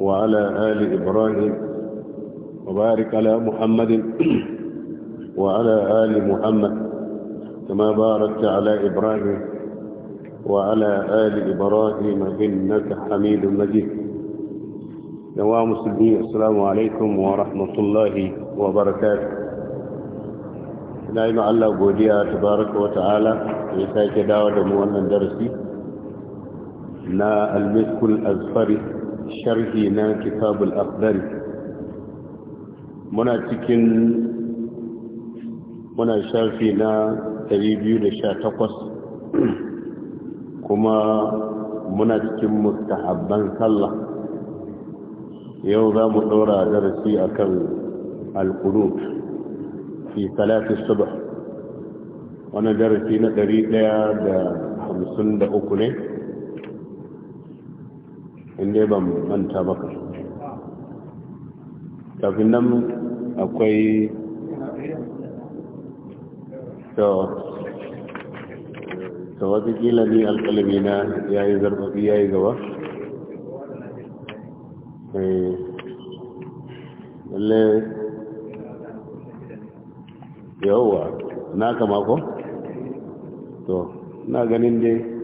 وعلى آل إبراهيم وبارك على محمد وعلى آل محمد كما باركت على إبراهيم وعلى آل إبراهيم إنك حميد مجيد نوام مسلمين السلام عليكم ورحمة الله وبركاته نعم الله Allah تبارك وتعالى baraka دعوة ta'ala درسي نا المسك الأزفري sharhi na kitabul akhdari muna cikin muna da na 218 kuma muna cikin mustahabban sallah yau za mu ɗora darasi akan alkunut fi salati subh wannan darasi na 153 ne in dai ban manta baka kafin nan akwai ta kila ni alkalami na ya yi zarfafi ya yi gaba eh, lalle yawwa na kama ko to na ganin dai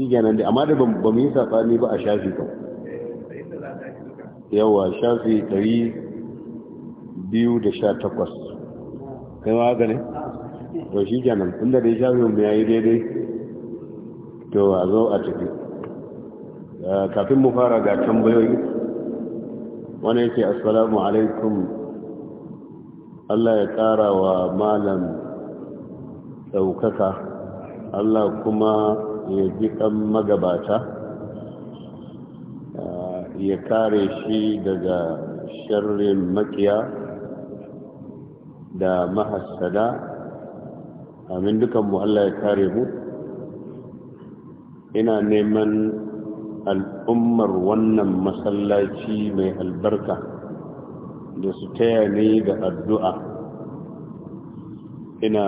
shi kenan da amma da ba mu yi saɓani ba a shafi ba yawa shafi 218 biyu da sha takwas kai ma haka ne ba shi kenan inda dai shafi mu ya yi daidai to a zo a tafi eh, kafin mu fara ga tambayoyi wani yake assalamu alaikum Allah ya tsara wa malam ɗaukaka Allah kuma ya ji ɗan magabata ya kare shi daga sharrin makiya da mahassada amin dukanmu Allah ya kare mu ina neman al'ummar wannan masallaci mai albarka da su taya ni da addu'a ina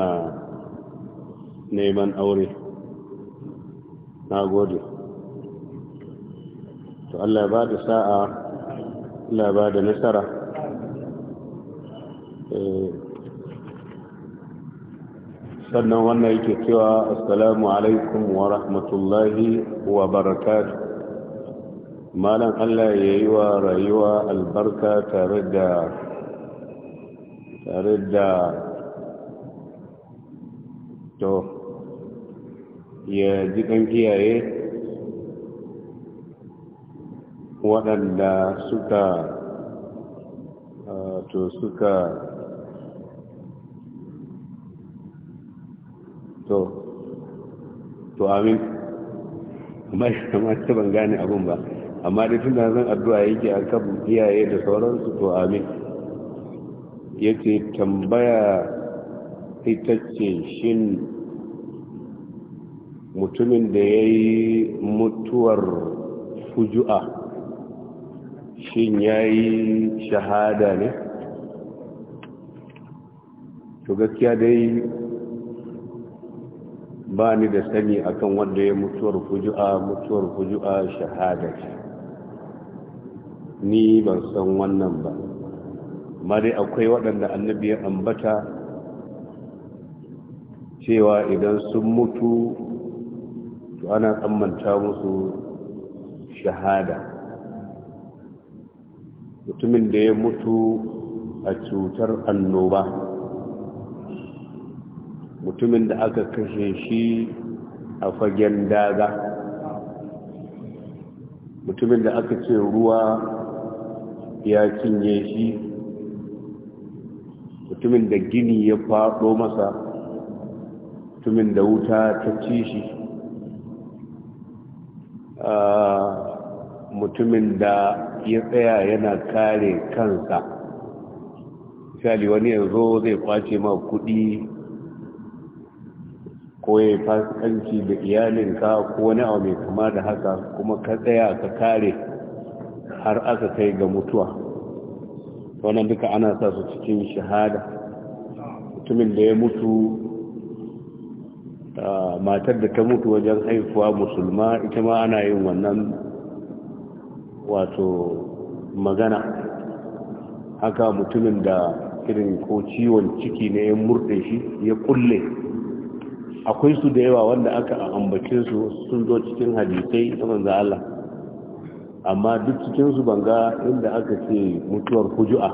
neman aure na gode to Allah ba da sa'a Allah ba da nasara eh, sannan wannan yake cewa assalamu alaikum wa rahmatullahi wa barakatu malam Allah ya yi wa rayuwa albarka tare da tare da to ya ji ɗan kiyaye waɗanda suka uh, to suka to to amin amma ban gane abin ba amma da tun da zan addu'a yake a kan iyaye da sauransu to amin ya ce tambaya ita ce shin mutumin da ya yi mutuwar fuju'a shin ya yi shahada ne to gaskiya dai ba ni da sani akan wanda ya mutuwar fuju'a mutuwar fuju'a shahada ce ni ban san wannan ba Ma dai akwai waɗanda annabi ya ambata cewa idan sun mutu to ana tsammanta musu shahada mutumin da ya mutu a cutar annoba mutumin da aka kashe shi a fagen daga mutumin da aka ce ruwa ya cinye shi mutumin da gini ya faɗo masa mutumin da wuta ta ci shi Ah, mutumin da ya tsaya yana kare kansa misali wani yanzu zai kwace ma kudi ko ya fasikanci da iyalinka ko wani abu mai kama da haka kuma ka tsaya ka kare har aka kai ga mutuwa wannan duka ana sa su cikin shahada mutumin da ya mutu matar da ta mutu wajen haifuwa musulma ita ma ana yin wannan wato magana haka mutumin da irin ko ciwon ciki ne ya murɗe shi ya kulle akwai su da yawa wanda aka ambace su sun zo cikin hadisai ta manzo Allah amma duk cikin su banga inda aka ce mutuwar huju'a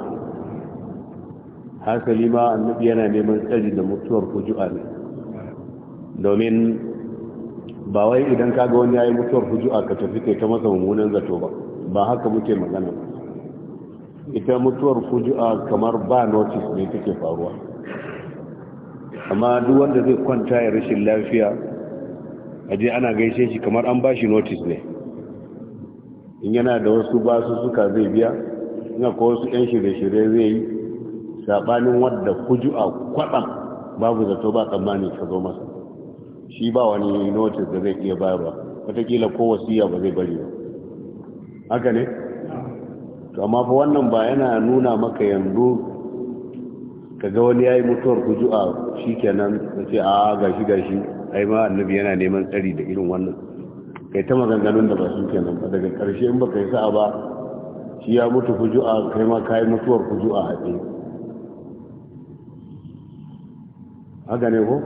hasali ma annabi yana neman tsari da mutuwar huju'a ne domin ba wai idan kaga wani yayi mutuwar hujua ka tafi kai ta masa mummunan zato ba ba haka muke magana ita mutuwar hujua kamar ba notice ne take faruwa amma duk wanda zai kwanta ya rashin lafiya aje ana gaishe shi kamar an bashi notice ne in yana da wasu basu suka zai biya ina ko wasu yan shirye-shirye zai yi sabanin wadda hujua kwaɗam babu zato ba tsammani ka zo masa shi ba wani notice da zai iya bayarwa wataƙila ko wasiya ba zai bari ba haka ne to amma fa wannan ba yana nuna maka yanzu kaga wani yayi mutuwar kuju'a shikenan sai a gashi gashi ai ma annabi yana neman tsari da irin wannan kai ta maganganun da ba su kenan ba daga karshe in baka yi sa'a ba shi ya mutu kuju'a kai ma kai mutuwar kuju'a a haɗe haka ne ko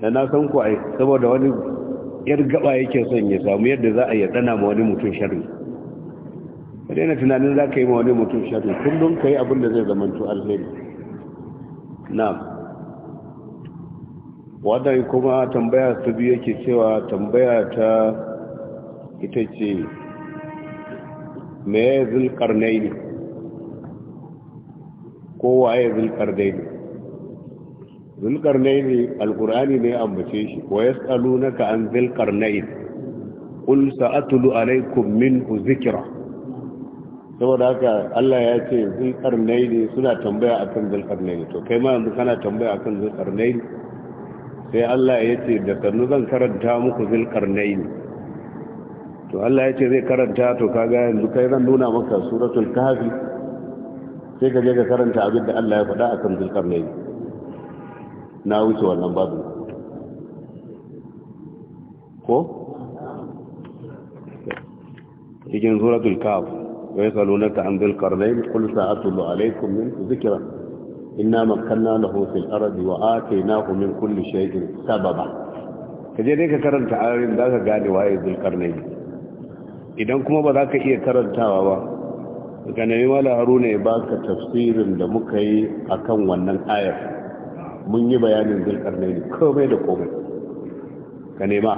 da na san ku ai saboda wani yar gaba yake son ya samu yadda za a yi tsana ma wani mutum sharri ka daina tunanin za ka yi ma wani mutum sharri kullum ka yi abin da zai to alheri na wadda kuma tambaya su biyu yake cewa tambaya ta ita ce me yi. ne kowa ya zulkarnai ne zulkarnain alqur'ani ne ambace shi wa yasalunaka an zulkarnain qul sa'atlu alaykum ku zikra saboda haka Allah ya ce zulkarnain suna tambaya akan zulkarnain to kai ma yanzu kana tambaya akan zulkarnain sai Allah ya ce da sannu zan karanta muku zulkarnain to Allah ya ce zai karanta to kaga yanzu kai zan nuna maka suratul kafi sai ka je ka karanta abin da Allah ya faɗa akan zulkarnain na wuce wannan babu ko cikin suratul kaf wa yasalunaka an dhil qarnayn qul sa'atlu alaykum min dhikra inna makkanna lahu fil ardi wa atainahu min kulli shay'in sababa kaje dai ka karanta ayoyin da ka gane waye dhil qarnayn idan kuma ba za ka iya karantawa ba ka nemi mala haruna ya baka tafsirin da muka yi akan wannan ayar mun yi bayanin zulkarnai ne komai da komai ka nema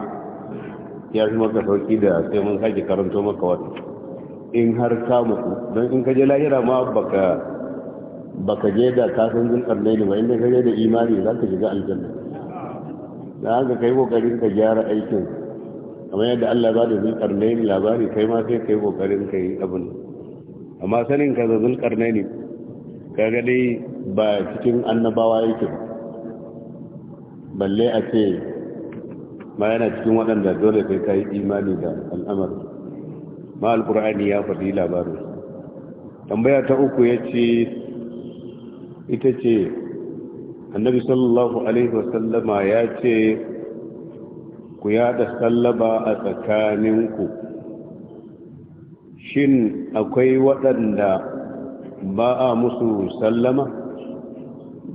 ya fi maka sauki da sai mun sake karanto maka wata in har ka mutu don in ka je lahira ma baka baka je da kasan zulkarnai ne ba inda ka je da imani za ka shiga aljanna da haka kai kokarin ka gyara aikin kamar yadda Allah ba da zulkarnai labari kai ma sai kai kokarin ka yi abin amma sanin ka da zulkarnai ne kaga dai ba cikin annabawa yake ba balle a ce ma yana cikin waɗanda dole sai ka yi imani da al'amari ma alkur'ani ya faɗi labarin tambaya ta uku ya ce ita ce annabi sallallahu alaihi wasallama ya ce ku yada sallaba a tsakaninku shin akwai waɗanda ba a musu sallama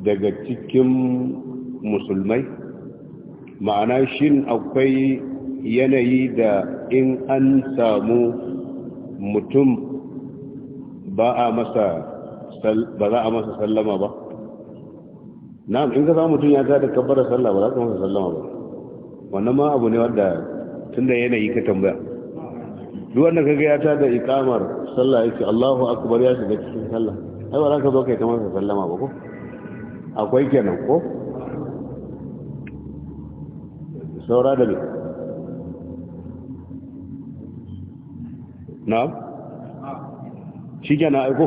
daga cikin musulmai ma'ana shin akwai yanayi da in an samu mutum ba a masa ba za a masa sallama ba na'am in ka samu mutum ya da kabbar sallama ba za ka masa sallama ba wannan ma abu ne wanda da yanayi ka tambaya duk wanda kaga ya da ikamar sallah yake Allahu akbar ya shiga cikin sallah ai ba za ka zo kai ta masa sallama ba ko akwai kenan ko saura da mai na shi ke na aiko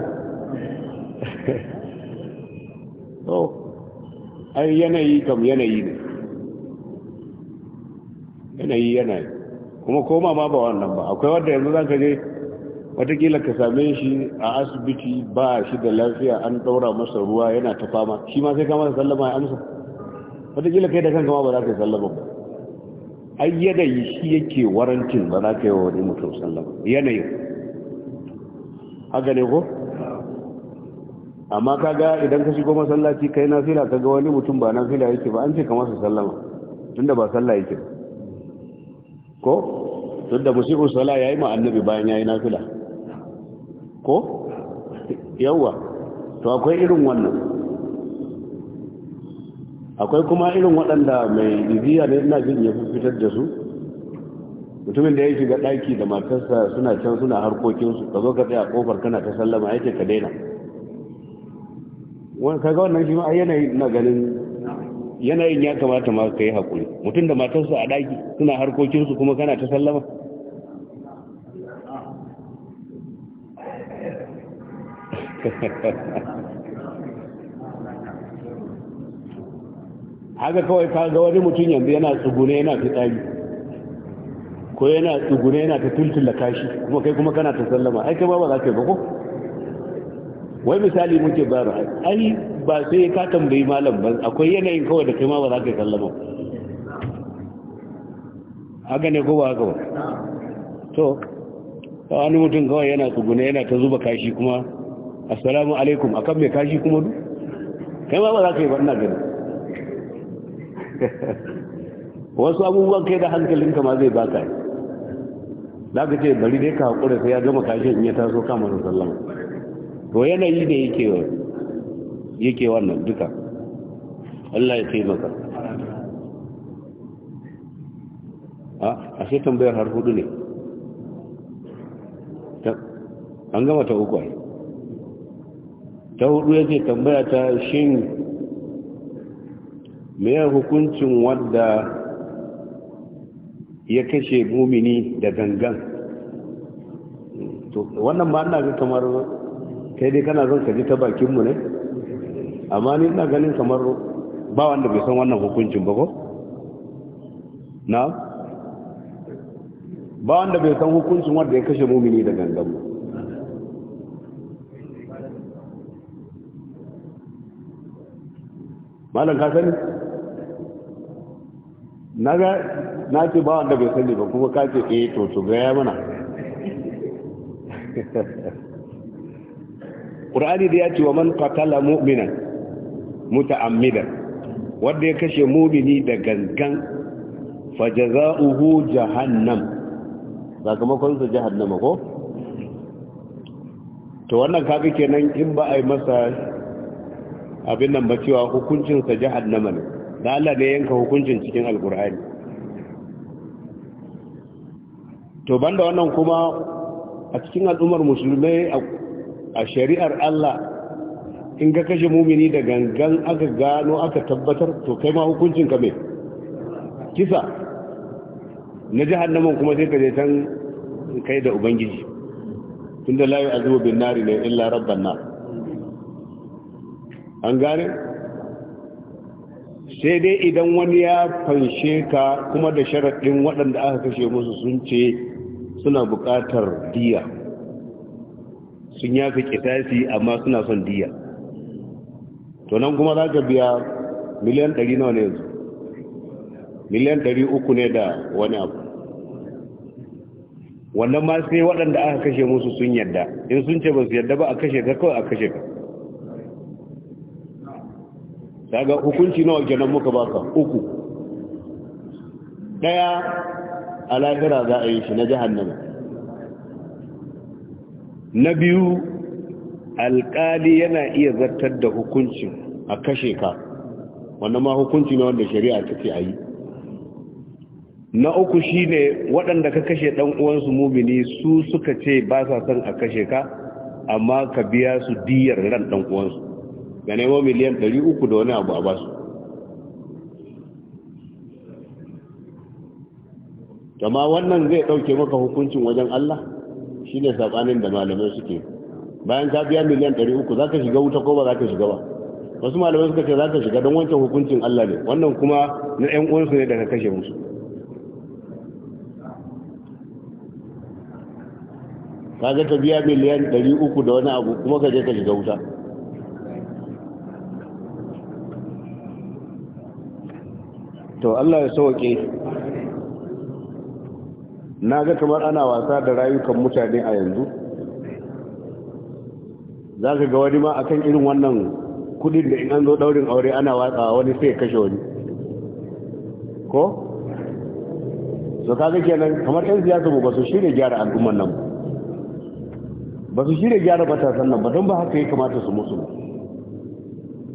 oh ai yanayi kam yanayi ne yanayi yanayi kuma koma ma ba wannan ba akwai wadda yanzu zan kaje watakila ka same shi a asibiti ba shi da lafiya an daura masa ruwa yana ta fama shi ma sai kama da sallama ya amsa watakila kai da kanka ma ba za ka yi sallama ba ai yanayi shi yake warantin ba za ka yi wa wani mutum sallama yanayin haka ne ko amma kaga idan ka shigo masallaci kai na fila kaga wani mutum ba na fila yake ba an ce kamar su sallama tunda ba sallah yake ba ko tunda musibu sala ya yi ma'annabi bayan ya na fila ko yawa to akwai irin wannan akwai kuma irin waɗanda mai iziya ne ina jin ya fitar da su mutumin da ya shiga ɗaki da matarsa suna can suna harkokinsu ka zo ka tsaya kofar kana ta sallama yake ka daina wani kaga wannan shi ma yanayi yanayin na ganin yanayin ya kamata ma ka yi haƙuri mutum da matarsa a ɗaki suna harkokinsu kuma kana ta sallama ha ha ha haka kawai ka ga wani mutum yanzu yana tsugune yana tsari ko yana tsugune yana ta tuntun da kashi kuma kai kuma kana ta sallama ai kai ba za ka yi bako wai misali muke ba ra ai ba sai ka tambayi malam ba akwai yanayin kawai da kai ma ba za ka sallama haka ne ko ba haka ba to wani mutum kawai yana tsugune yana ta zuba kashi kuma assalamu alaikum akan mai kashi kuma duk kai ma ba za ka yi ba ina gani wasu abubuwan kai da hankalinka ma zai baka yi. Da aka ce bari dai ka haƙura sai ya gama kashin in ya taso kama da sallama to yanayi da yake wannan duka Allah ya maka a ashe tambayar har hudu ne an gama ta uku ai ta hudu ce tambaya ta shin ya hukuncin wadda ya kashe mumini da gangan to wannan ba ina ga kamar kai dai kana zan kaji ta bakinmu ne amma ni ina ganin kamar ba wanda bai san wannan hukuncin ba ko na ba wanda bai san hukuncin wanda ya kashe mumini da gangan malam ka sani na ga na ce ba wanda bai sani ba kuma ka ce eh to to gaya mana Qur'ani da ya ce wa man qatala mu'minan muta'ammidan wanda ya kashe mu'mini da gangan fajaza'uhu jahannam sakamakon sa jahannama ko to wannan kaga kenan in ba a yi masa abin nan ba cewa hukuncinsa jahannama ne da Allah da yanka hukuncin cikin alkur'ani to banda wannan kuma a cikin al'ummar musulmai a shari'ar Allah in ga kashe mumini da gangan aka gano aka tabbatar to kai ma hukuncin ka mai kisa na jahannaman kuma sai ka je can kai da ubangiji tunda la azubu bin nari ne illa rabban na. an gane sai dai idan wani ya fanshe ka kuma da sharaɗin waɗanda aka kashe musu sun ce suna buƙatar diya sun ya fi kitasi amma suna son diya to nan kuma za ka biya miliyan ɗari nawa ne yanzu miliyan ɗari uku ne da wani abu wannan ma sai waɗanda aka kashe musu sun yadda in sun ce ba su yadda ba a kashe ka kawai a kashe ka daga hukunci nawa kenan muka baka uku daya a lahira za a yi shi na jahannama na biyu alkali yana iya zartar da hukuncin a kashe ka wannan ma hukunci ne wanda shari'a ta ce a yi na uku shine waɗanda ka kashe ɗan uwansu mumini su suka ce ba sa son a kashe ka amma ka biya su diyar ran ɗan uwansu ga nemo miliyan 300 da wani abu a basu kama wannan zai ɗauke maka hukuncin wajen Allah shi ne saɓanin da malamai suke bayan ka biya miliyan 300 za ka shiga wuta ko ba za ka shiga ba wasu malamai suka ce za ka shiga don wancan hukuncin Allah ne wannan kuma na 'yan uwansu ne daga kashe musu kaga ta biya miliyan 300 da wani abu kuma ka je ka shiga wuta to Allah ya sauke na ga kamar ana wasa da rayukan mutane a yanzu za ka ga wani ma akan irin wannan kudin da in an zo daurin aure ana watsa wani sai kashe wani ko? so kaga kenan kamar 'yan siyasa ba su shirya gyara al'umman nan ba su shirya gyara matasan nan ba don ba haka ya kamata su musulun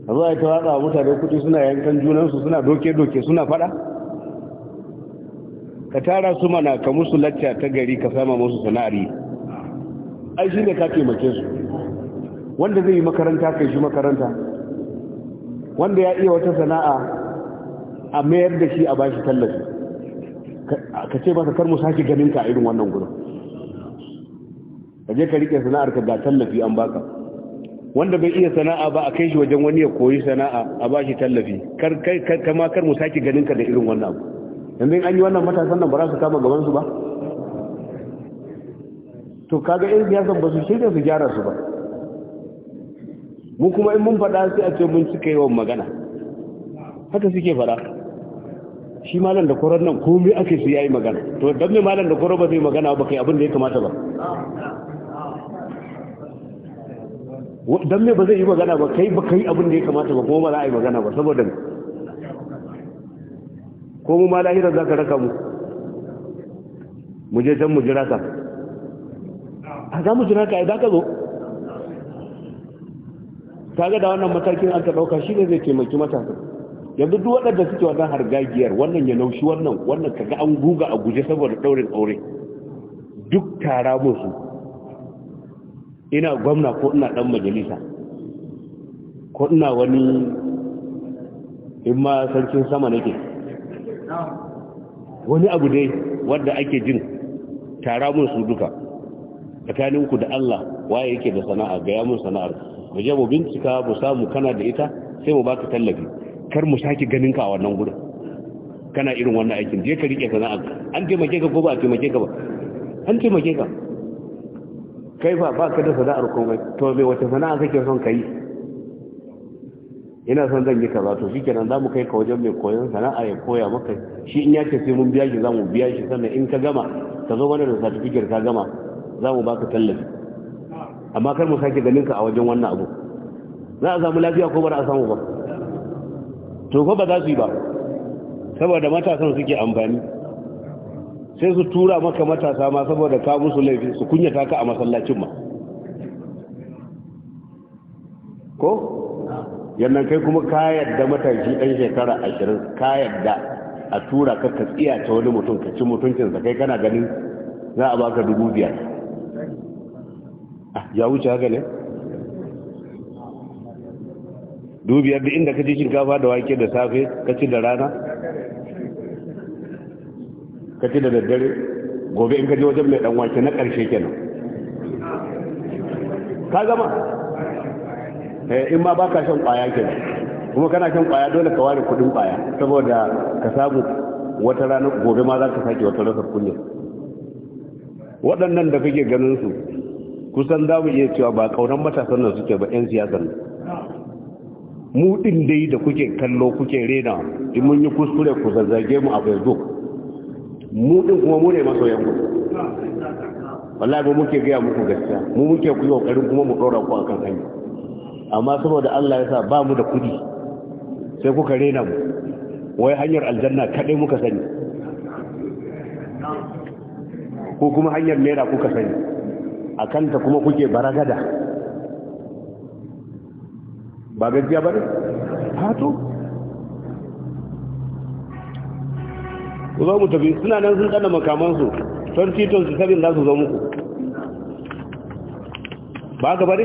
a zuwa ta watsa mutane kudi suna yankan junansu suna doke-doke suna fada ka tara su mana ka musu lacca ta gari ka sama musu sana'ari ai shi ne ka taimake su wanda zai yi makaranta kai shi makaranta wanda ya iya wata sana'a a mayar da shi a bashi tallafi ka ce masa kar mu sake ganin ka irin wannan gudun ka je ka rike sana'ar ka ga tallafi an baka wanda bai iya sana'a ba a kai shi wajen wani ya koyi sana'a a bashi tallafi kar kai kama kar mu saki ganin ka da irin wannan abu yanzu an yi wannan matasan nan ba za su kama gaban su ba to kaga irin ya san ba su shirya su gyara su ba mu kuma in mun faɗa sai a ce mun cika yawan magana haka suke faɗa shi malam da koron nan komai ake su yayi magana to dan me malam da koron ba zai magana ba kai abin da ya kamata ba don me ba zai yi magana ba kai ba kai abin da ya kamata ba kuma ba za a yi magana ba saboda ko mu ma lahirar za ka raka mu mu je can mu jira ka a za mu jira ka ai za ka zo ga da wannan matakin an ta dauka shi ne zai taimaki matasa yanzu duk waɗanda suke wannan hargagiyar wannan ya naushi wannan wannan kaga an guga a guje saboda daurin aure duk tara musu ina gwamna ko ina dan majalisa ko ina wani imma sarkin sama nake wani abu dai wanda ake jin tara mun su duka tsakaninku da Allah waye yake da sana'a ga yamun sana'ar mu je mu bincika mu samu kana da ita sai mu baka tallafi kar mu saki ganin ka a wannan gurin kana irin wannan aikin je ka rike sana'a an taimake ka ko ba a taimake ka ba an taimake ka kai ba ba ka da sana'ar komai to me wace sana'a kake son ka yi ina son zan yi kaza to shikenan za mu kai ka wajen mai koyon sana'a ya koya maka shi in ya ce sai mun biya shi za mu biya shi sannan in ka gama ka zo mana da certificate ka gama za mu baka tallafi amma kar mu sake ganin ka a wajen wannan abu za a samu lafiya ko ba za a samu ba to fa ba za su yi ba saboda matasan suke amfani sai su tura maka matasa ma saboda ka musu laifi su kunyata ka a masallacin ma ko yannan kai kuma ka yadda matashi ɗan shekara ashirin ka yadda a tura ka ka tsiya ta wani mutum ka ci mutuncinsa kai kana ganin za a baka dubu biyar ah, ya wuce haka ne biyar da inda ka ci shinkafa da wake da safe ka ci da rana ka ci da daddare gobe in ka je wajen mai dan wake na ƙarshe kenan ka gama eh, in ma baka shan ƙwaya kenan kuma kana shan ƙwaya dole ka ware kuɗin ƙwaya saboda ka samu wata rana gobe ma za ka sake wata rasar kunya waɗannan da kake ganin su kusan za mu iya cewa ba ƙaunar matasan nan suke ba 'yan siyasar nan mu ɗin dai da kuke kallo kuke rena in mun yi kuskure ku zazzage mu a facebook mu din kuma mu ne masoyan ku wallahi ba muke gaya muku gaskiya mu muke ku kokarin kuma mu dora ku akan hanya amma saboda Allah ya sa ba mu da kudi sai kuka rena mu wai hanyar aljanna kadai muka sani ko kuma hanyar naira kuka sani a kanta kuma kuke baragada ba gajiya ba ne? hato ku zo mu tafi suna nan sun ɗana makamansu 2027 za su zo muku ba ka bari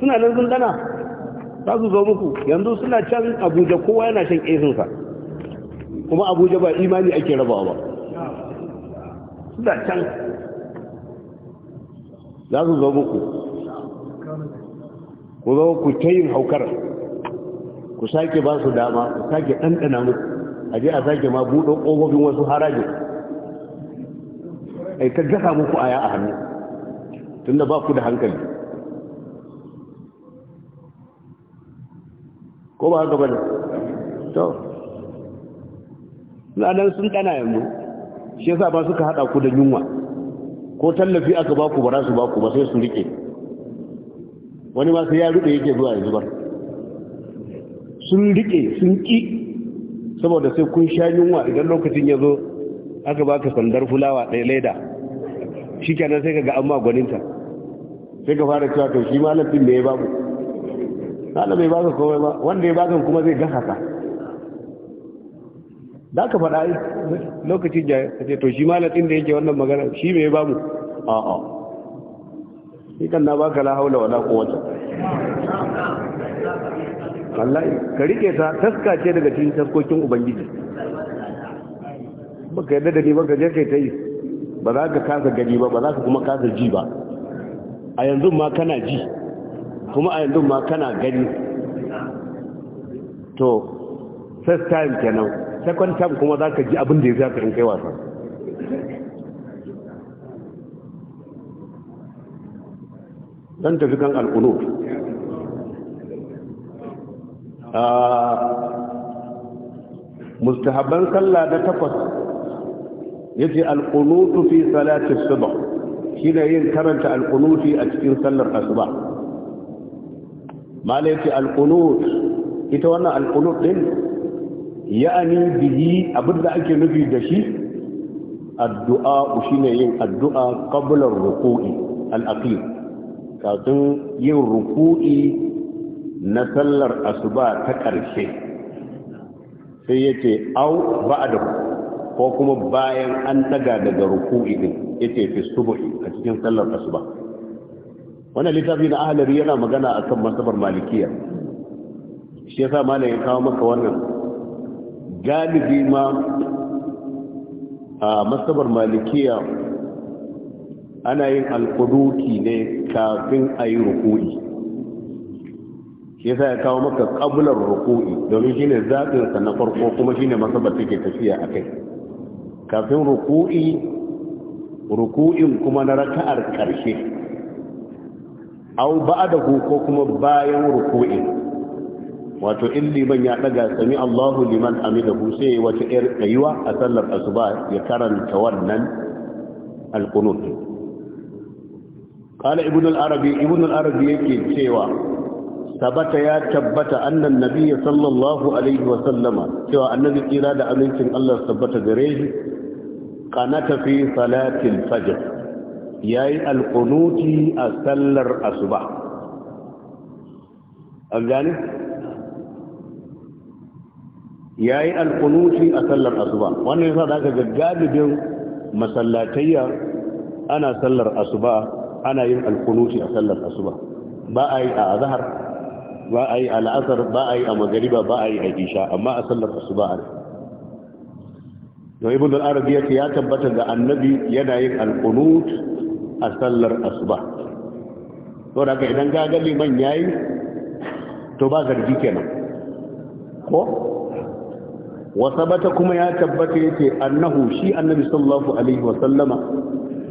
suna nan sun ɗana za su zo muku yanzu suna can abuja kowa yana shan ƙesinsa kuma abuja ba imani ake rabawa ba suna can za su zo muku ku zo ku ta yin haukar ku sake ba su dama ku sake ɗanɗana muku a je a zage ma buɗe ƙofofin wasu harajin ai ta gasa muku aya a hannu da ba ku da hankali ko ba haka bane to na nan sun ɗana yanzu shi yasa ba suka haɗa ku da yunwa ko tallafi aka ba ku ba su ba ku ba sai su rike wani ma sai ya rube yake zuwa yanzu ba sun rike sun ƙi saboda sai kun sha yunwa idan lokacin ya zo aka baka sandar fulawa ɗaya leda shi kenan sai ka ga amma gwaninta sai ka fara cewa kai shi malafin da ya babu sana mai baka kowai ba wanda ya baka kuma zai gasa ka da ka faɗa lokacin da ka ce to shi malafin da yake wannan magana shi mai babu a'a shi kan na baka la haula wala kowace. wallahi ka rike ta taska ce daga cikin taskokin ubangiji baka yadda da ni ba ka je kai ta yi ba za ka kasa gani ba ba za ka kuma kasa ji ba a yanzu ma kana ji kuma a yanzu ma kana gani to first time kenan second time kuma za ka ji abin da ya zaka in kai wasa don tafi kan alqunut mustahabban sallah na takwas yace alqunutu fi salati subh shine yin karanta alqunuti a cikin sallar asuba malai ce ita wannan alqunut ɗin, ya'ani bihi abinda ake nufi da shi addu'a shine yin addu'a qabla ruku'i al kafin yin ruku'i na sallar asuba ta ƙarshe sai ya ce au ba'da ko kuma bayan an daga daga idin ya ce fi subhi a cikin sallar asuba wannan littafi na ahlari yana magana a kan masabar malikiya shi ya sa mana ya kawo maka wannan galibi ma a masabar malikiya ana yin alkuduki ne kafin a yi rukuni shi yasa ya kawo maka qablar ruku'i domin shine zaɓin sa na farko kuma shine masabar take tafiya kai. kafin ruku'i ruku'in kuma na raka'ar karshe au ba'dahu ko kuma bayan ruku'i. wato in liman ya daga sami Allahu liman hamidahu sai wata yar kaiwa a sallar asuba ya karanta wannan alqunut qala ibn al-arabi ibn al yake cewa Sabata ya tabbata أن النبي صلى الله عليه وسلم سوى النبي إلى دا أمنتم الله ثبت جريج قنات في صلاة الفجر ياي القنوت أسلر أصبع yayi alqunuti a sallar asuba wannan yasa zaka ga galibin masallatayya ana sallar asuba ana yin alqunuti a sallar asuba ba a yi a azhar ba a yi a la'asar ba a yi a magariba ba a yi a isha amma a sallar su ba a yi. ibn al-arabi ya tabbata ga annabi yana yin al-qunut a sallar asuba to daga idan ka ga liman yayi to ba zargi kenan ko wa sabata kuma ya tabbata yace annahu shi annabi sallallahu alaihi wa sallama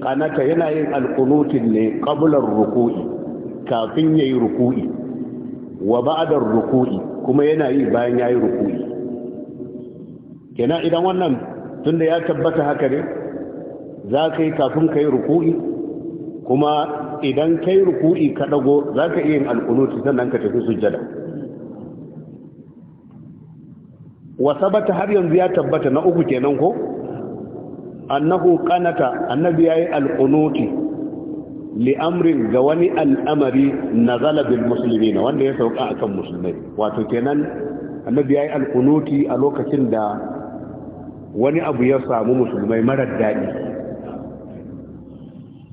kanata yana yin al-qunut ne qabla ar-ruku'i kafin yayi ruku'i wa ba'adar ruku'i kuma yana yi bayan yayi ruku'i kenan idan wannan tunda ya tabbata haka ne za ka yi kafin ka yi ruku'i kuma idan ka yi ruku'i ka ɗago za ka iya yin sannan ka tafi sujjada wa sabata har yanzu ya tabbata na uku kenan ko annahu qanata annabi yayi al'unuti. li'amrin ga wani al'amari na zalabin musulmi na wanda ya sauka a kan musulmai wato kenan annabi ya yi alkunuti a lokacin da wani abu ya samu musulmai marar daɗi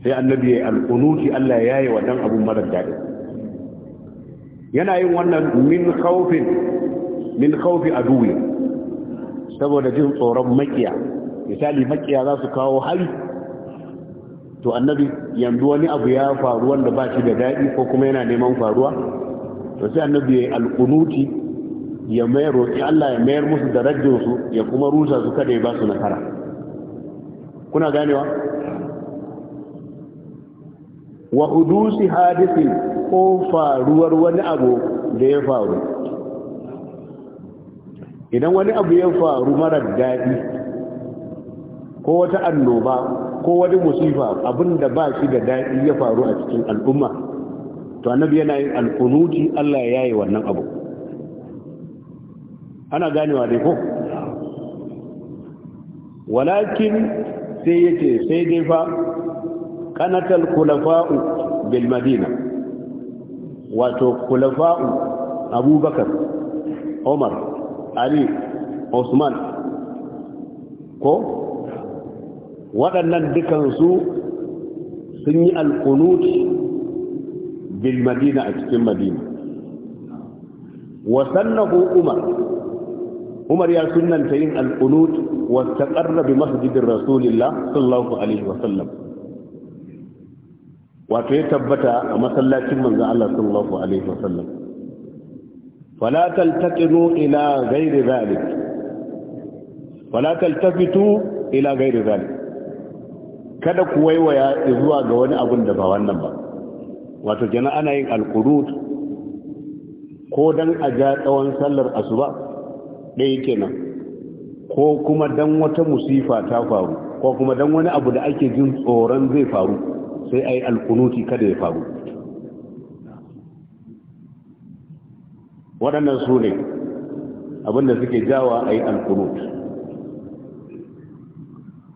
sai annabi ya yi alkunuti allah ya yi wannan abu marar daɗi yana yin wannan min kaufin min kaufi a saboda jin tsoron makiya misali makiya za su kawo hali. to annabi yanzu wani abu ya faru wanda ba shi da daɗi ko kuma yana neman faruwa to sai annabi ya yi alƙunuti ya mayar roƙi Allah ya mayar musu da rajinsu ya kuma rusa su kada ya ba su nasara kuna ganewa wa hudusi hadisin ko faruwar wani abu da ya faru idan wani abu ya faru marar daɗi ko wata annoba ko wani musifa abin da ba shi da daɗi ya faru a cikin al'umma to annabi yana yin alkunuti Allah ya yi wannan abu ana ganewa dai ko walakin sai yake sai dai fa kanatal kulafa'u bil madina wato kulafa'u abubakar umar ali Osman, ko waɗannan dukansu sun yi alkunuti bil madina a cikin madina wasannahu umar umar ya sunanta yin alkunut wata ƙarrabi masjidin rasulillah sallallahu alaihi wasallam wato ya tabbata a masallacin manzan Allah sallallahu alaihi wasallam ila ghairi zalik fala ila zalik kada ku waiwaya zuwa ga wani abun da ba wannan ba wato jana ana yin alkurut ko dan a ja tsawon sallar asuba ɗaya kenan ko kuma dan wata musifa ta faru ko kuma dan wani abu da ake jin tsoron zai faru sai a yi alkunuti kada ya faru waɗannan su ne abinda suke jawa a yi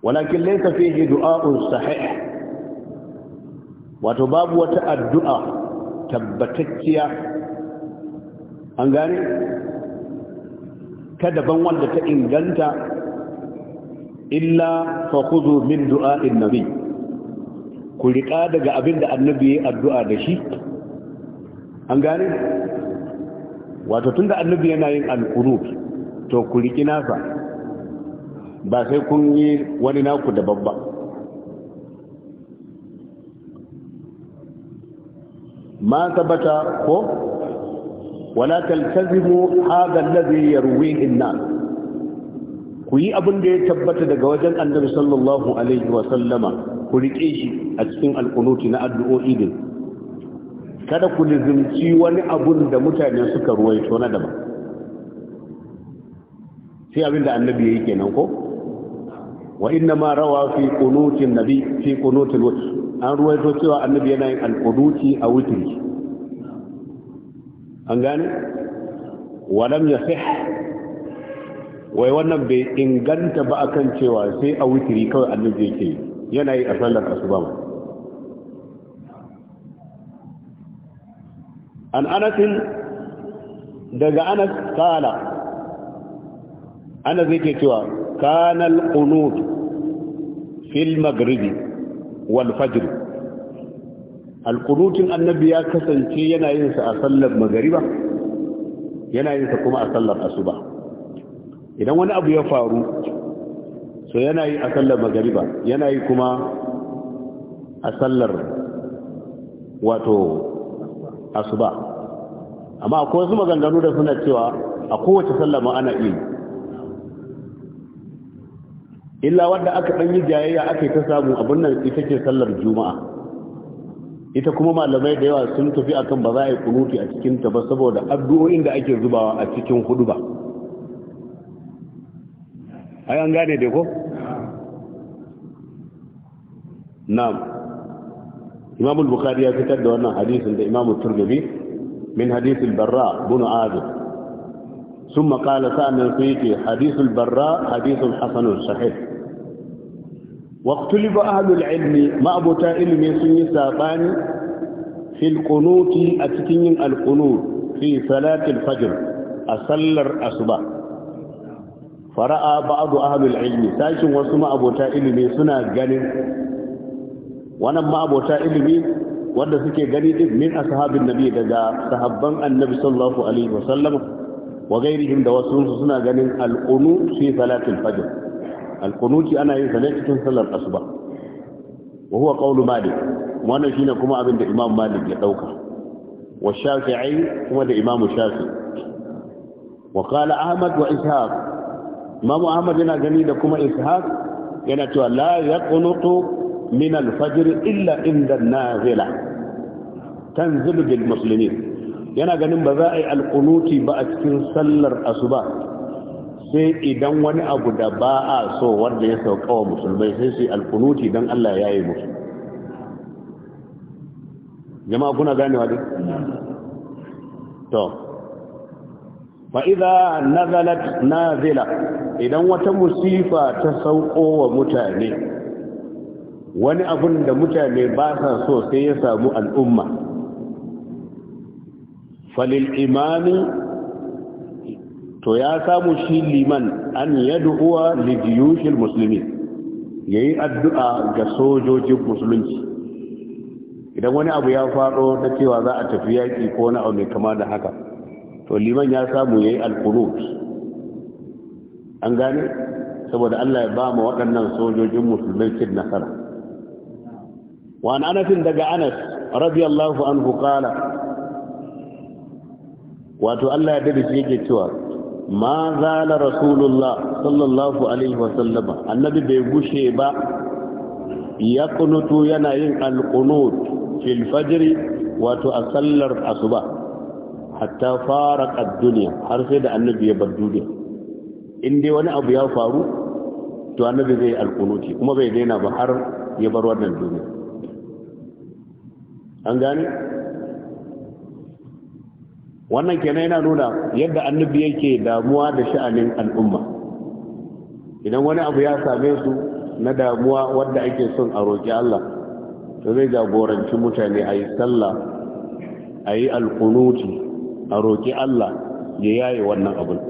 walakin laysa fihi du'a'un sahih wato babu wata addu'a tabbatacciya an gane ta daban wanda ta inganta illa fa khudhu min du'a du'a'in nabi ku riƙa daga abin da annabi ya addu'a da shi an gane wato tun da annabi yana yin alqunut to ku riƙi nasa ba sai kun yi wani naku da babba ma tabbata ko wala taltazimu hadha alladhi yarwihi an-nas ku yi abin da ya tabbata daga wajen annabi sallallahu alaihi wa ku riƙe shi a cikin alqunuti na addu'o'i din kada ku lizimci wani abun da mutane suka ruwaito na daban sai abin da annabi yi kenan ko wa inna ma rawa fi qunutin nabi fi qunutil witr an ruwaito cewa annabi yana yin alqunuti a witri an gane wa lam yasih wai wannan bai inganta ba akan cewa sai a witri kawai annabi yake yana yi a sallar asuba ma. an anasin daga anas kala zai yake cewa kana al-qunut fil maghribi wal fajr al-qunutin annabi ya kasance yana yin sa a sallar magriba yana yin sa kuma a sallar asuba idan wani abu ya faru so yana yi a sallar magriba yana yi kuma a sallar wato asuba amma akwai wasu maganganu da suna cewa a kowace sallama ana iya illa wadda aka ɗan yi jayayya aka yi ta samu abin nan ita ce sallar juma'a ita kuma malamai da yawa sun tafi akan ba za a yi kunuti a cikinta ba saboda addu'o'in da ake zubawa a cikin hudu ba ai an gane dai ko na'am imam al-bukhari ya fitar da wannan hadisin da imam turgabi min hadis al-barra bin azib ثم قال سأنا سيتي حديث البراء حديث حسن صحيح waktuli ba ahalul ilmi ma'abuta ilmi sun yi sabani fil a cikin yin al fi salatil fajr a sallar asuba fara'a ba'du ahalul ilmi sakin wasu ma'abuta ilmi suna ganin wannan ma'abuta ilmi wanda suke gani din min ashabin nabi daga sahabban annabi sallallahu alaihi wasallam wa ghairihim da wasu suna ganin al qunut fi salatil fajr alkunuti ana yin sa ne cikin sallar asuba wa huwa qawlu malik wannan shine kuma abin da imam malik ya dauka wa shafi'i kuma da imam shafi wa qala ahmad wa ishaq imam ahmad yana gani da kuma ishaq yana cewa la yaqunutu min al-fajr illa inda an-nazila tanzilu bil muslimin yana ganin ba za a yi alkunuti ba a cikin sallar asuba sai idan wani abu da ba a so wanda ya sauka wa musulmai sai su alkunuti don Allah ya yi musu jama'a kuna ganewa dai to fa idza nazalat nazila idan wata musifa ta sauko wa mutane wani abun da mutane ba sa so sai ya samu al'umma falil imani. to ya samu shi liman an uwa lijiyushin jiyushil ya yi addu'a ga sojojin musulunci idan wani abu ya faɗo na cewa za a tafi yaki ko na abu mai kama da haka to liman ya samu yayi alqunut an gane saboda Allah ya ba mu waɗannan sojojin musulmai cin nasara wa an anas daga anas radiyallahu anhu qala wato Allah ya dade shi yake cewa ma zala rasulullah sallallahu alaihi wasallam annabi bai gushe ba ya kunutu yana yin alqunut fil fajr wato a sallar asuba hatta fara ad-dunya har sai da annabi ya bar duniya in dai wani abu ya faru to annabi zai alqunuti kuma bai daina ba har ya bar wannan duniya an gane wannan kenan yana nuna yadda annabi yake damuwa da sha'anin al'umma idan wani abu ya same su na damuwa wadda ake son a roƙi Allah to zai jagoranci mutane a yi sallah a yi alƙunuti a roƙi Allah ya yaye wannan abin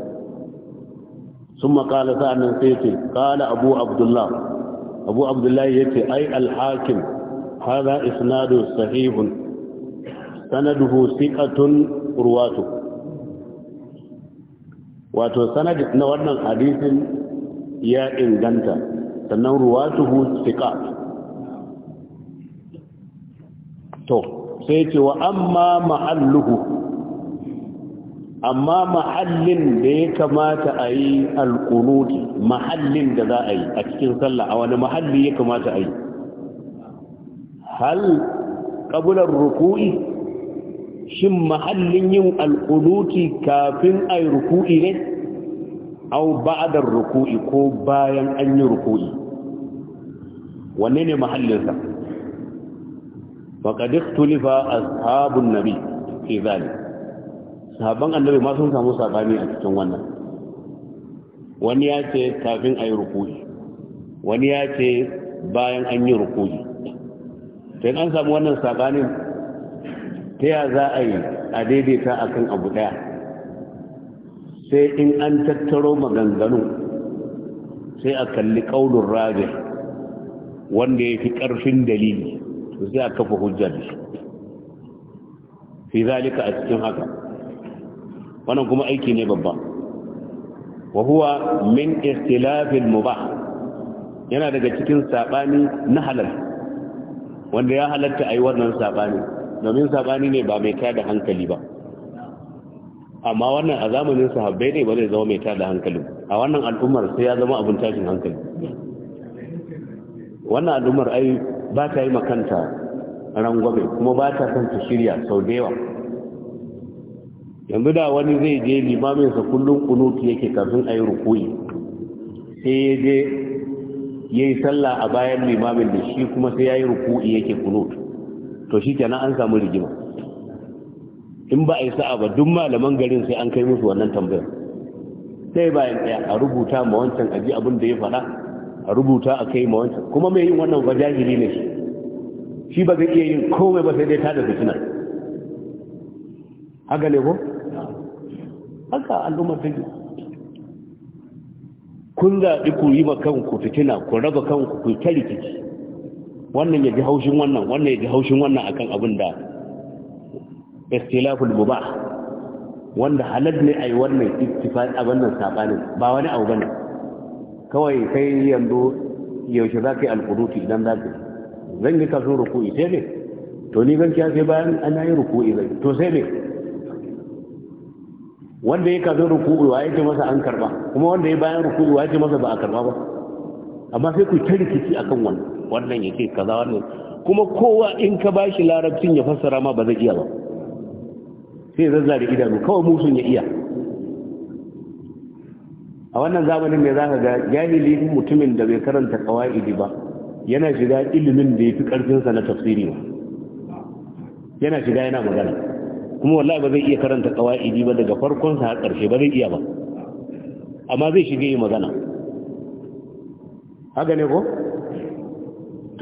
sun makala sa'annan sai ce kala abu abdullah abu abdullah ya ce ai alhakim haza isnadu sahihun sanaduhu siqatun ruwatu wato sanad na wannan hadisin ya inganta sannan ruwatuhu siqat to sai ce wa amma mahalluhu amma mahallin da ya kamata a yi alƙunuti mahallin da za a yi a cikin sallah a wani mahalli ya kamata a yi hal ƙabular ruku'i shin mahallin yin alƙuluti kafin a yi ruku'i ne au ba'adar ruku'i ko bayan an yi ruku'i wanne ne mahallinsa duk tulifa a sahabun nabi fi zane sahabban annabi ma sun samu sabani a cikin wannan wani ya ce kafin a yi ruku'i wani ya ce bayan an yi ruku'i sai an samu wannan sabanin ta ya za a yi a daidaita a kan abu ɗaya sai in an tattaro maganganu sai a kalli ƙaunin rajin wanda ya fi ƙarfin dalili to sai a kafa hujjar. da shi fi zalika a cikin haka wannan kuma aiki ne babba wa huwa min ikhtilafil mubah yana daga cikin saɓani na halal wanda ya halatta yi wannan sabani domin sabani ne ba mai tada hankali ba amma wannan a zamanin sahabbai ne ba zai zama mai tada hankali a wannan al'ummar sai ya zama abin tashin hankali wannan al'ummar ai ba ta yi makanta rangwame kuma ba ta son ta shirya sau da yawa yanzu da wani zai je limaminsa kullum kunutu yake kafin a yi rukuyi sai ya je ya yi sallah a bayan limamin da shi kuma sai ya yi ruku'i yake kunutu to shi kenan an samu rigima in ba a yi sa'a ba duk malaman garin sai an kai musu wannan tambayar sai bayan ɗaya a rubuta ma wancan aji abin da ya faɗa a rubuta a kai ma wancan kuma mai yin wannan ba jahili ne shi shi ba zai iya yin komai ba sai dai tada fitina haka ne ko haka al'ummar yi kun zaɓi ku yi ma kanku fitina ku raba kanku ku ta rikici wannan ya ji haushin wannan wannan ya ji haushin wannan akan abin da istilaful mubah wanda halal ne ai wannan ittifaq a wannan sabanin ba wani abu bane kawai kai yanzu yaushe za ka yi idan za ka zan yi kaso ruku'i sai ne to ni gaskiya sai bayan an yi ruku'i bai to sai ne wanda ya kaso ruku'i wa yake masa an karba kuma wanda ya bayan ruku'i wa yake masa ba a karba ba amma sai ku ta akan wannan wannan ya ce kaza wannan kuma kowa in ka ba shi larabcin ya fassara ma ba zai iya ba sai zazzare idanu kawai musun ya iya a wannan zamanin mai za ka ga jahili mutumin da bai karanta kawa'idi ba yana shiga ilimin da ya fi ƙarfinsa na tafsiri ba yana shiga yana magana kuma wallahi ba zai iya karanta kawa'idi ba daga farkonsa har ƙarshe ba zai iya ba amma zai shiga yi magana haka ne ko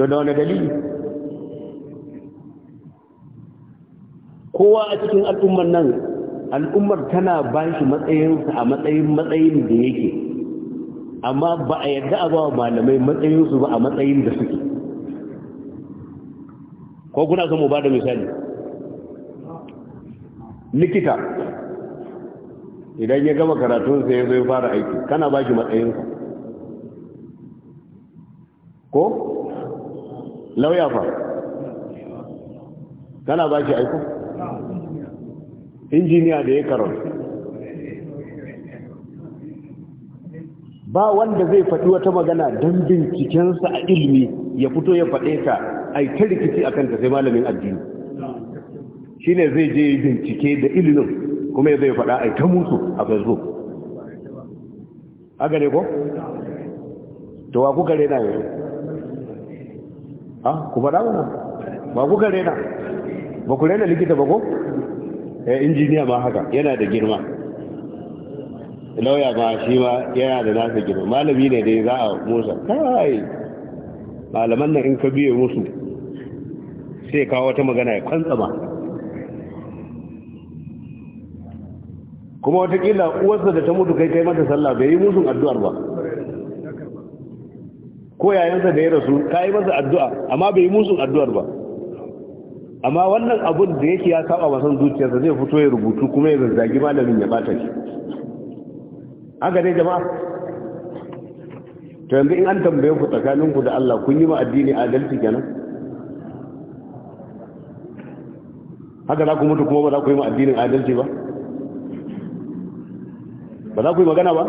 to da wani dalili kowa a cikin al'ummar nan al'ummar tana ba shi matsayinsa a matsayin matsayin da yake amma ba a yadda a ba malamai matsayinsu ba a matsayin da suke ko kuna son ba da misali likita idan ya gama karatunsa ya zai fara aiki kana ba shi matsayinsa ko lauya fa kana ba shi aiko injiniya da ya karo ba wanda zai faɗi wata magana don bincikensa a ilimi ya fito ya faɗe ta a ta rikici a kanta sai malamin addini shine zai je bincike da ilimin kuma ya zai faɗa a ta mutu a facebook a gane ko? to wa kuka rena yanzu ah ku faɗa mana ba ku gare na ba ku rena likita ba ko eh injiniya ma haka yana da girma lauya ma shi ma yana da nasa girma malami ne dai za a musa kai malaman nan in ka biye musu sai kawo wata magana ya kwantsama kuma watakila uwarsa da ta mutu kai kai mata sallah bai yi musun addu'ar ba ko yayansa da ya rasu ka yi masa addu'a amma bai yi musu addu'ar ba amma wannan abun da yake ya saba masan zuciyarsa zai fito ya rubutu kuma ya zazzagi malamin ya bata shi haka dai jama'a to yanzu in an tambaye ku tsakaninku da Allah kun yi ma addini adalci kenan haka za ku mutu kuma ba za ku yi ma addinin adalci ba ba za ku yi magana ba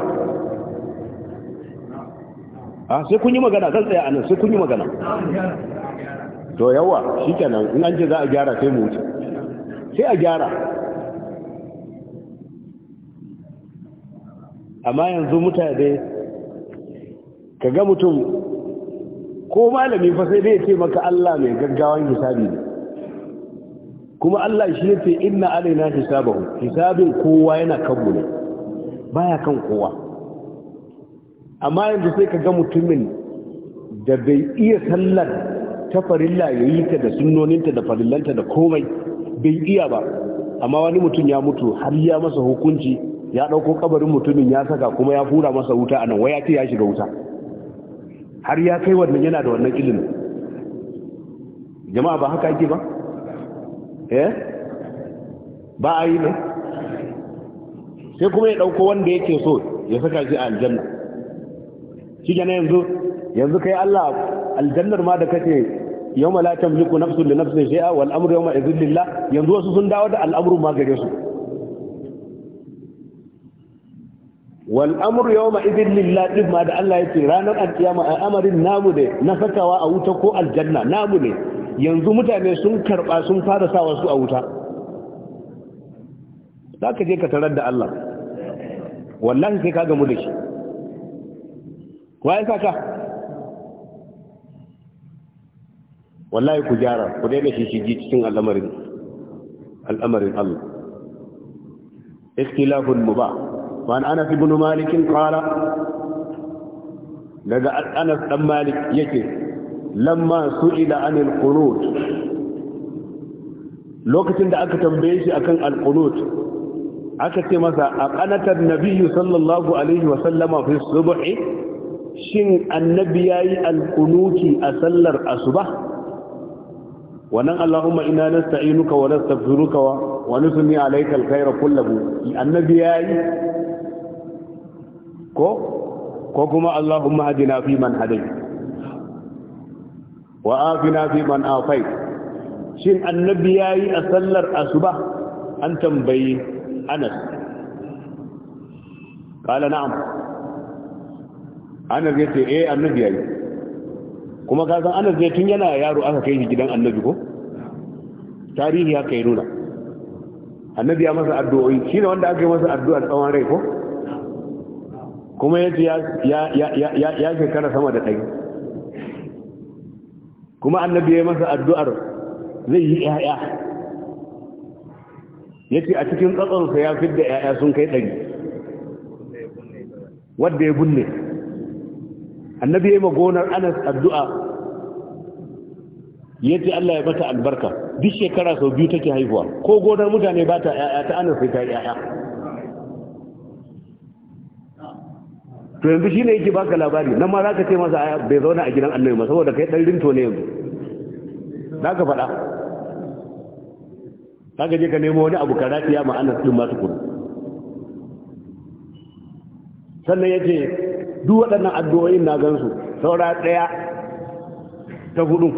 a sai kun yi magana zan tsaya anan sai kun yi magana to yawa shikenan in an ce za a gyara sai mu wuce sai a gyara amma yanzu mutane ka ga mutum ko malami fa sai dai ce maka Allah mai gaggawan hisabi ne kuma Allah shi yace inna alaina hisabahu hisabin kowa yana kanmu ne baya kan kowa amma yanzu sai ka ga mutumin da bai iya sallar ta farilla ya yi ta da sunnoninta da farillanta da komai bai iya ba amma wani mutum ya mutu har ya masa hukunci ya ɗauko kabarin mutumin ya saka kuma ya fura masa wuta a nan waya ce ya shiga wuta har ya kai wannan yana da wannan ilimin jama'a ba haka ake ba eh ba a yi ne sai kuma ya ɗauko wanda yake so ya saka shi a aljanna shi gane yanzu yanzu kai Allah aljannar ma da kace yawma la tamliku nafsun li nafsin shay'a wal amru yawma idzin lillah yanzu wasu sun dawo da al'amru ma gare su wal amru yawma idzin lillah din ma da Allah yake ranar alkiyama amarin namu ne na sakawa a wuta ko aljanna namu ne yanzu mutane sun karba sun fara sawa su a wuta zaka je ka tarar da Allah wallahi sai ka gamu da shi wa ya saka wallahi ku gyara ku daina shi shigi cikin al'amarin al'amarin Allah ikhtilafun mubah wa an anas ibn malik qala daga anas dan malik yake lamma su'ila anil qunut lokacin da aka tambaye shi akan al qunut aka ce masa a qanatar nabiyyu sallallahu alaihi wa sallama fi subhi shin annabi ya yi alkunuti a sallar asuba wannan allahumma ina na nasta'inuka wa nastaghfiruka wa nusni alayka alkhayra kullahu annabi ya yi ko ko kuma allahumma hadina fi man hadayt wa afina fi man afayt shin annabi ya yi a sallar asuba an tambayi anas قال نعم anas ya ce eh annabi yayi kuma ka san anas ne tun yana yaro aka kai shi gidan annabi ko tarihi haka ya nuna annabi ya masa addu'o'i shi ne wanda aka yi masa addu'a tsawon rai ko kuma ya ce ya shekara sama da ɗari kuma annabi ya masa addu'ar zai yi ‘ya'ya ya ce a cikin tsatsonsa ya fi da ‘ya'ya sun kai ɗari wadda ya bunne annabi ya yi magonar anas addu'a ya ce Allah ya bata albarka duk shekara sau biyu take haihuwa ko gonar mutane ba ta ‘ya'ya ta anas sai ta ‘ya'ya to yanzu shi ne yake baka labari nan ma za ka ce masa bai zauna a gidan annabi ba saboda kai ɗan rinto ne yanzu za ka faɗa za ka je ka nemo wani abu karatiya ma anas ɗin masu kudu sannan ya ce duk waɗannan addu'o'in na gansu saura ɗaya ta hudu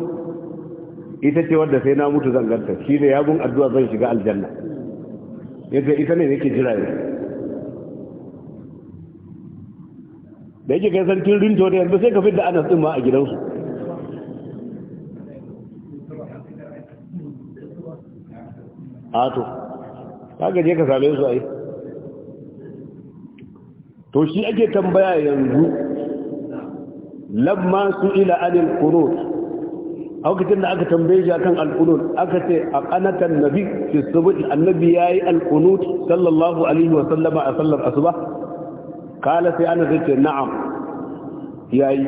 ita ce wadda sai na mutu zangarta, shi da yagun addu'a zan shiga aljanna yadda ita ne yake jira yi da yake kai sarkin rinto da yanzu sai ka fidda anas ɗin ma a gidansu ato ka gaje ka same su a yi to shi ake tambaya yanzu lamma su ila anil qunut a lokacin da aka tambaye shi akan al aka ce a qanatan nabi fi subut annabi yayi al-qunut sallallahu alaihi wa sallama a sallar asuba kala sai ana zace na'am yayi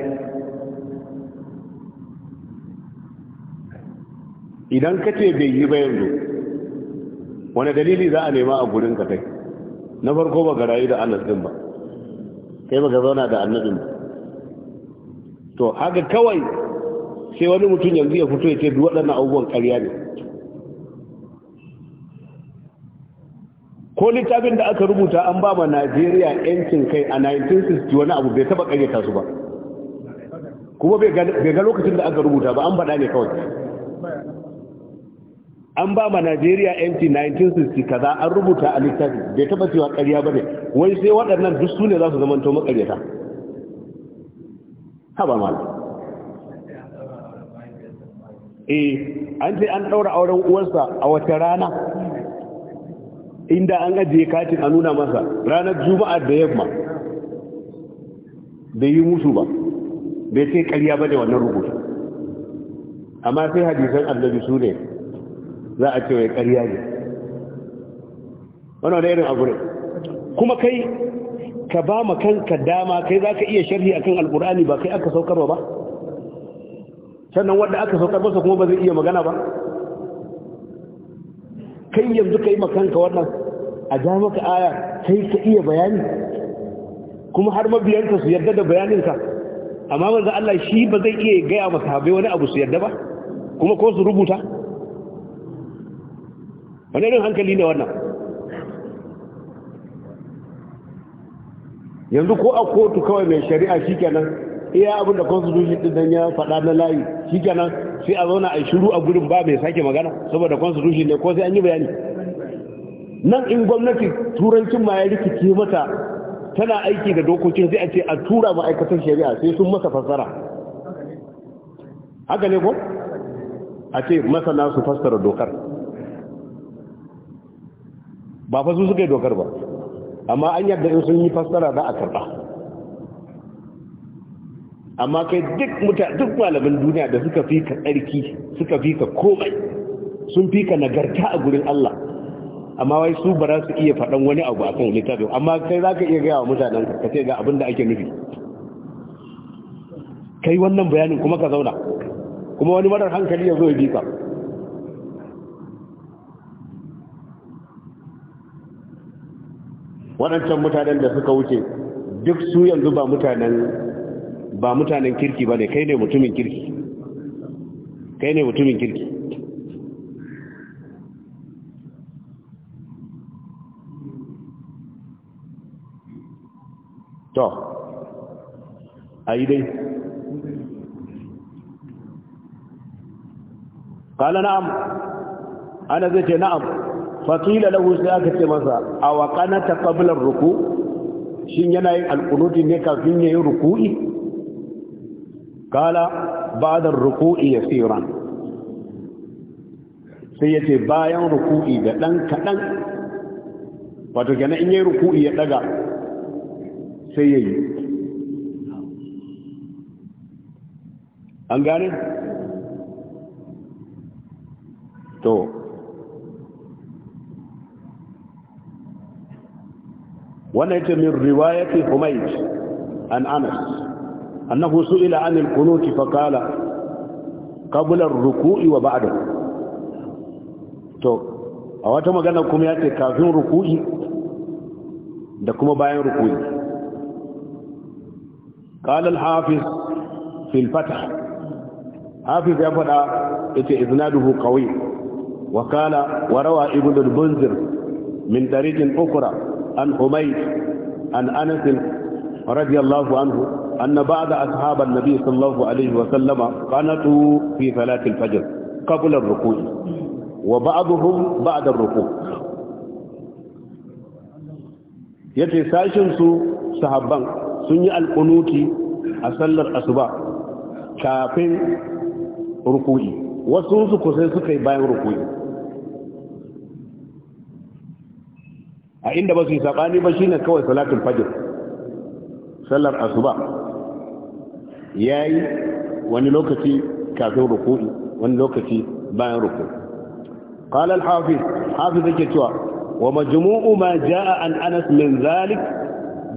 idan ka ce bai yi ba yanzu wani dalili za a nema a gurin ka kai na farko ba ga rayu da Allah din ba kai baka zauna da annabin to haka kawai sai wani mutum yanzu ya fito ya ce duk waɗannan abubuwan ƙarya ne ko littafin da aka rubuta an ba ma Najeriya yankin kai a 1960 wani abu bai taba ƙaryata su ba kuma bai ga lokacin da aka rubuta ba an faɗa ne kawai an ba ma Najeriya MT 1960 kaza an rubuta a littafi bai taba cewa ƙarya bane wai sai waɗannan duk su ne za su zama to makaryata haba ma eh an ce an daura auren uwarsa a wata rana inda an ajiye katin a nuna masa ranar juma'a da yamma bai yi musu ba bai sai ƙarya bane wannan rubutu amma sai hadisan annabi su ne za a cewa ƙarya ne wannan da irin abu ne kuma kai ka ba ma kanka dama kai za ka iya sharhi akan Alqur'ani ba kai aka saukar ba sannan wanda aka saukar ba kuma ba zai iya magana ba kai yanzu ka yi makanka wannan a ja maka aya sai ka iya bayani kuma har mabiyanka su yarda da bayaninka amma manzo Allah shi ba zai iya gaya masa habe wani abu su yarda ba kuma ko su rubuta wani irin hankali ne wannan yanzu ko a kotu kawai mai shari'a shi nan, iya abin da constitution din nan ya faɗa na layi shi nan, sai a zauna a shiru a gurin ba mai sake magana saboda constitution ne ko sai an yi bayani nan in gwamnati turancin ma ya rikice mata tana aiki da dokokin sai a ce a tura ma'aikatar shari'a sai sun masa fassara haka ne ko a ce masana su fassara dokar ba fa su suka yi dokar ba amma an yarda in sun yi fassara za a karba amma kai duk muta duk malamin duniya da suka fi ka tsarki suka fi ka komai sun fi ka nagarta a gurin Allah amma wai su ba su iya faɗan wani abu a kan littafin amma kai za ka iya gaya wa mutanen ka ce ga abin da ake nufi kai wannan bayanin kuma ka zauna kuma wani marar hankali ya zo ya bi ka waɗancan mutanen da suka wuce duk su yanzu ba mutanen ba mutanen kirki ba ne kai ne mutumin kirki kai ne mutumin kirki to a yi dai na'am, ana zai ce na'am. faƙila lahu sai aka ce masa a waƙana ta ƙabilar ruku shin yana yin alƙunuti ne kafin ya yi ruku'i kala ba da ruku'i ya tsiran sai ya ce bayan ruku'i da ɗan kaɗan wato gana in yi ruku'i ya ɗaga sai ya yi an gane? to wannan yace min riwayati humayd an anas annahu su'ila an al-qunut fa qala qabla ar-ruku'i wa ba'da to a wata magana kuma yace kafin ruku'i da kuma bayan ruku'i qala al-hafiz fi al-fath hafiz ya fada yace isnaduhu qawi وقال وروى ابن المنذر من طريق أخرى عن حميد عن أنس رضي الله عنه أن بعض أصحاب النبي صلى الله عليه وسلم قنطوا في صلاة الفجر قبل الركوع وبعضهم بعد الركوع yace sashin su sahabban sun yi alƙunuti a sallar asuba kafin ruku'i wasu su kusa suka yi bayan ruku'i a inda ba su yi saɓani ba shine kawai salatin Fajir, sallar asuba ya yi wani lokaci kafin ruku'i wani lokaci bayan ruku'i ƙalar Hafi hafiz ke cewa wa majmu'u ma ja'a an anas min zalik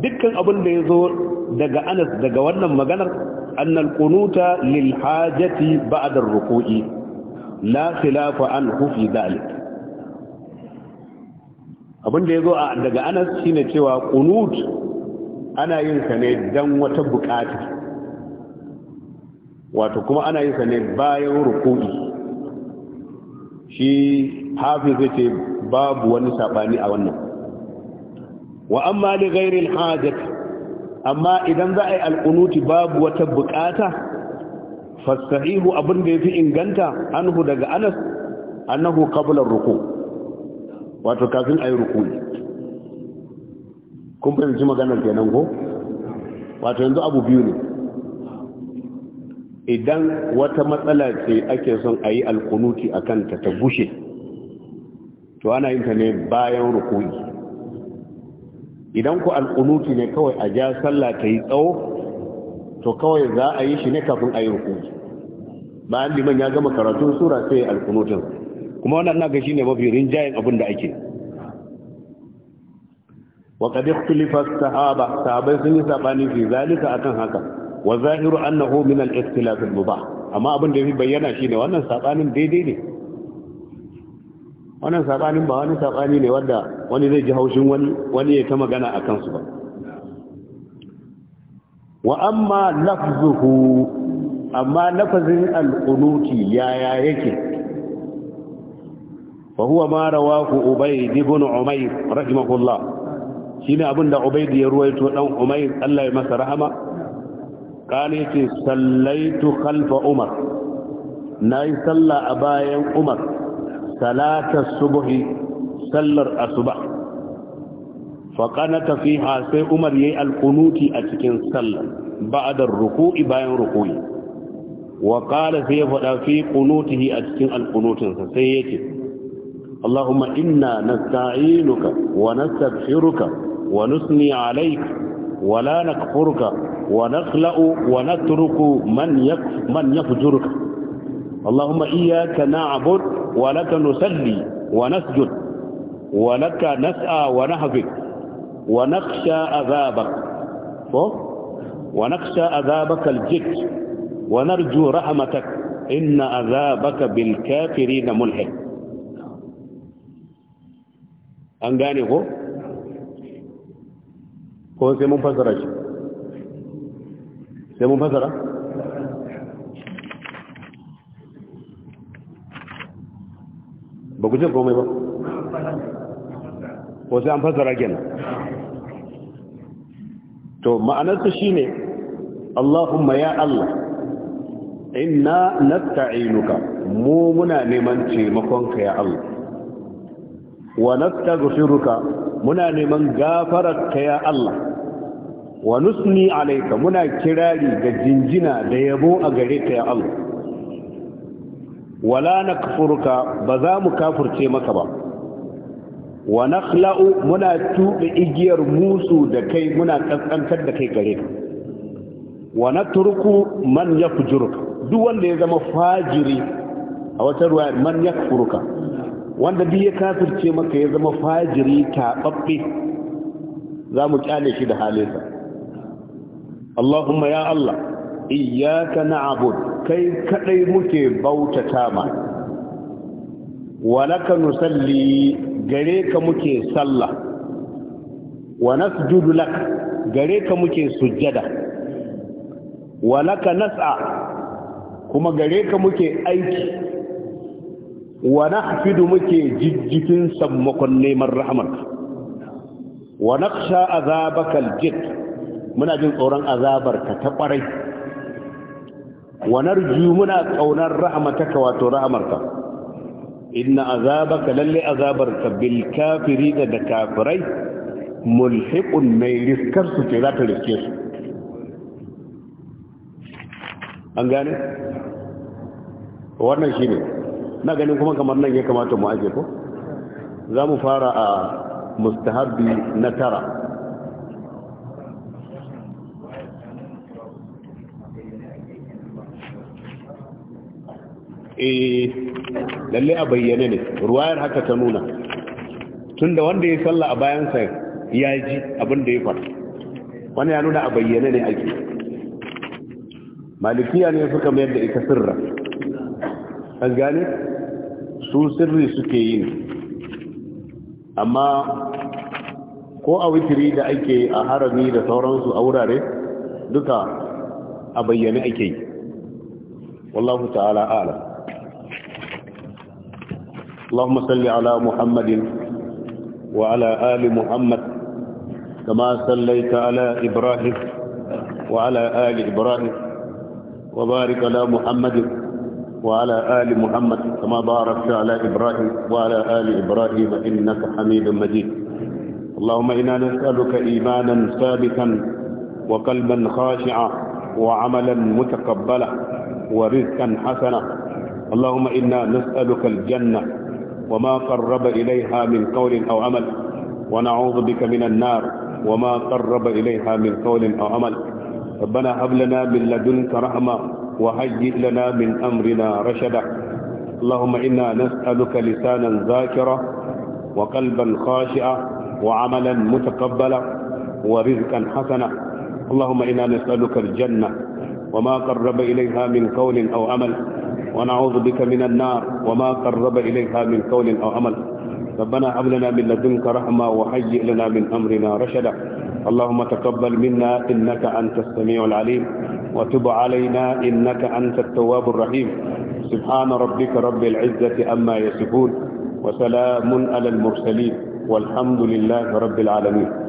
dukkan abin da ya zo daga anas daga wannan maganar annal kunuta lil hajati ba'da ruku'i la khilafa an hufi zalik abin da ya zo daga anas ne cewa kunut ana yin sa ne don wata bukata wato kuma ana yin sa ne bayan rukuni shi hafi zai ce babu wani sabani a wannan wa amma da gairin hajat amma idan za a yi alkunuti babu wata bukata fasahihu abin da fi inganta anhu daga anas annahu kabular ruku' wato kafin a yi rukuni kun fahimci maganar kenan ko wato yanzu abu biyu ne idan wata matsala ce ake son a yi alkunuti a kanta ta gushe to ana yin ta ne bayan rukuni idan ku alkunuti ne kawai a ja sallah ta yi tsawo to kawai za a yi shi ne kafin a yi rukuni bayan liman ya gama karatun sura sai alkunutin kuma wannan na ga shine mafi rinjayen abin da ake wa qad ikhtalafa sahaba sahabai sun yi sabani fi zalika akan haka wa zahiru annahu min al-ikhtilaf al-mubah amma abin da ya bayyana shine wannan sabanin daidai ne wannan sabanin ba wani sabani ne wanda wani zai ji haushin wani wani ya ta magana akan su ba wa amma lafzuhu amma lafazin al-qunuti yaya yake وهو ما رواه عبيد بن عمير رحمه الله شين أبن عبيد يرويت أن عمير الله يمس رحمه قال صليت خلف عمر ناي صلى أبايا عمر صلاة الصبح صلى الصبح فقنت فيها سي عمر يي القنوت أتكن صلى بعد الركوع باين ركوعي وقال سيفدا في قنوته أتكن القنوت سيتي اللهم إنا نستعينك ونستغفرك ونثني عليك ولا نكفرك ونخلأ ونترك من, من يفجرك اللهم إياك نعبد ولك نسلي ونسجد ولك نسعى ونهفك ونخشى عذابك ونخشى عذابك الجد ونرجو رحمتك إن عذابك بالكافرين ملحق an gane ko ko sai mun fasara shi sai mun fasara ba ku ce komai ba ko sai an fasara gina to ma'anarsa shine Allahumma ya Allah inna nasta'inuka mu muna neman taimakonka ya Allah wa nastaghfiruka muna neman gafararka ya Allah wa nusni alayka muna kirari ga jinjina da yabo a gare ka ya Allah wala nakfuruka ba za mu kafurce maka ba wa nakhla'u muna tuɓe igiyar musu da kai muna kaskantar da kai gare ka wa natruku man yafjuruka duk wanda ya zama fajiri a wata ruwaya man yakfuruka wanda duk ya kafirce maka ya zama fajiri taɓaɓɓe za mu kyale shi da halinsa Allahumma ya Allah iyyaka na'bud kai kadai muke bautata ma walaka nusalli gare ka muke sallah wa nasjudu lak gare ka muke sujjada walaka nas'a kuma gare ka muke aiki wa nahfidu muke jijjikin sammakon neman rahamarka wa naqsha azabakal jid muna jin tsoron azabarka ta kwarai wa narju muna kaunar rahmataka wato rahamarka inna azabaka lalle azabarka bil kafirina da kafirai mulhiqun mai riskar su ce za ta riske su an gane wannan shine na ganin kuma kamar nan ya kamata mu aje ko za mu fara a Mustahabi na tara eh lalle a bayyane ne ruwayar haka ta nuna Tun da wanda ya salla a bayansa ya ji abin da ya faru wani ya nuna a bayyane ne ake malikiya ne suka mayar da ita sirra an gane su sirri suke yi amma ko a witiri da ake a harami da sauransu a wurare duka a bayyane ake yi wallahu ta'ala ala اللهم صل على محمد وعلى آل محمد ala Ibrahim, wa ala Ali Ibrahim, wa وبارك على Muhammadin. وعلى آل محمد كما باركت على إبراهيم وعلى آل إبراهيم إنك حميد مجيد اللهم إنا نسألك إيمانا ثابتا وقلبا خاشعا وعملا متقبلا ورزقا حسنا اللهم إنا نسألك الجنة وما قرب إليها من قول أو عمل ونعوذ بك من النار وما قرب إليها من قول أو عمل ربنا هب لنا من لدنك رحمه وهيئ لنا من أمرنا رشدا اللهم إنا نسألك لسانا ذاكرا وقلبا خاشعا وعملا متقبلا ورزقا حسنا اللهم إنا نسألك الجنة وما قرب إليها من قول أو عمل ونعوذ بك من النار وما قرب إليها من قول أو عمل ربنا هب لنا من لدنك رحمة وهيئ لنا من أمرنا رشدا اللهم تقبل منا إنك أنت السميع العليم وتب علينا إنك أنت التواب الرحيم سبحان ربك رب العزة أما يصفون وسلام على المرسلين والحمد لله رب العالمين